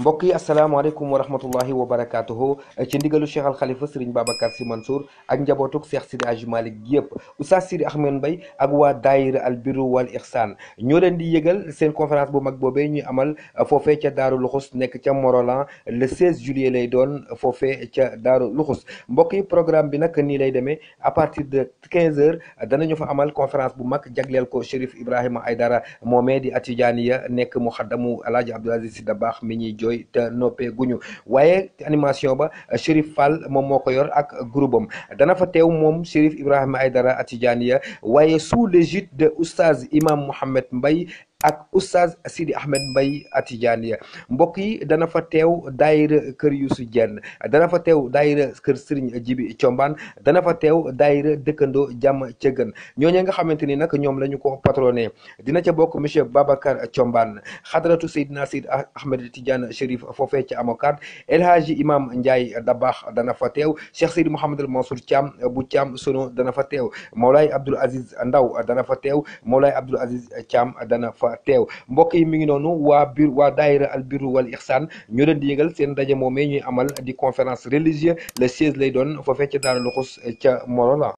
mbokk yi asalaamaaleykum wa rahmatullahi wa barakatuhu ci ndigalu cheikh al xalifa sëriñ babacar si mansour ak njabootuk cheikh sidi aji malik gi yëpp oustaz sidi ahmed mbay ak waa daayira al birru wal ihsan ñoo leen di yëgal seen conférence bu mag boobee ñuy amal foofee ca daaru luxus nekk ca morolan le 16 juillet lay doon foofee ca daaru luxus mbokk yi programme bi nag nii lay demee à partir de 15 heures danañu fa amal conférence bu mag jagleel ko chérif ibrahima aydara moomee di atijaaniya nekk muxaddamu alaaji abdul aziz si dabaax mi ñuy yooyu te noppee guñu waaye animation ba Chérif Fall moom moo yor ak groupe dana fa teew moom Chérif Ibrahima Aïdara Atijaniya waaye sous l'égide de oustaz Imam Mohamed Mbaye ak oustaz Sidi Ahmed Mbaye Atijaniya mbokk yi dana fa teew daayira kër Yuusu Jenn dana fa teew daayira kër Serigne Jibi Combaan dana fa teew daayira dëkkandoo jàmm ca gën ñooñu nga xamante ni nag ñoom la ñu ko patroné dina ca bokk monsieur Babacar Combaan xadaratu Seydina Sidi Ahmed Tidiane Chérif foofee ca Amokat El Hadji Imam Ndiaye Dabax dana fa teew Cheikh Sidi Mouhamadul Mansour caam bu Thiam sono dana fa teew Mawlaay Abdoul Aziz Ndaw dana fa teew Mawlaay Abdoul Aziz Thiam dana fa fa teew mbokk yi mi ngi noonu waa biir waa daayira al biiru wal ihsan ñoo leen di yëgal seen ndaje moomee ñuy amal di conférence religieuse le 16 lay doon foofee ca Daaru Luxus ca Morola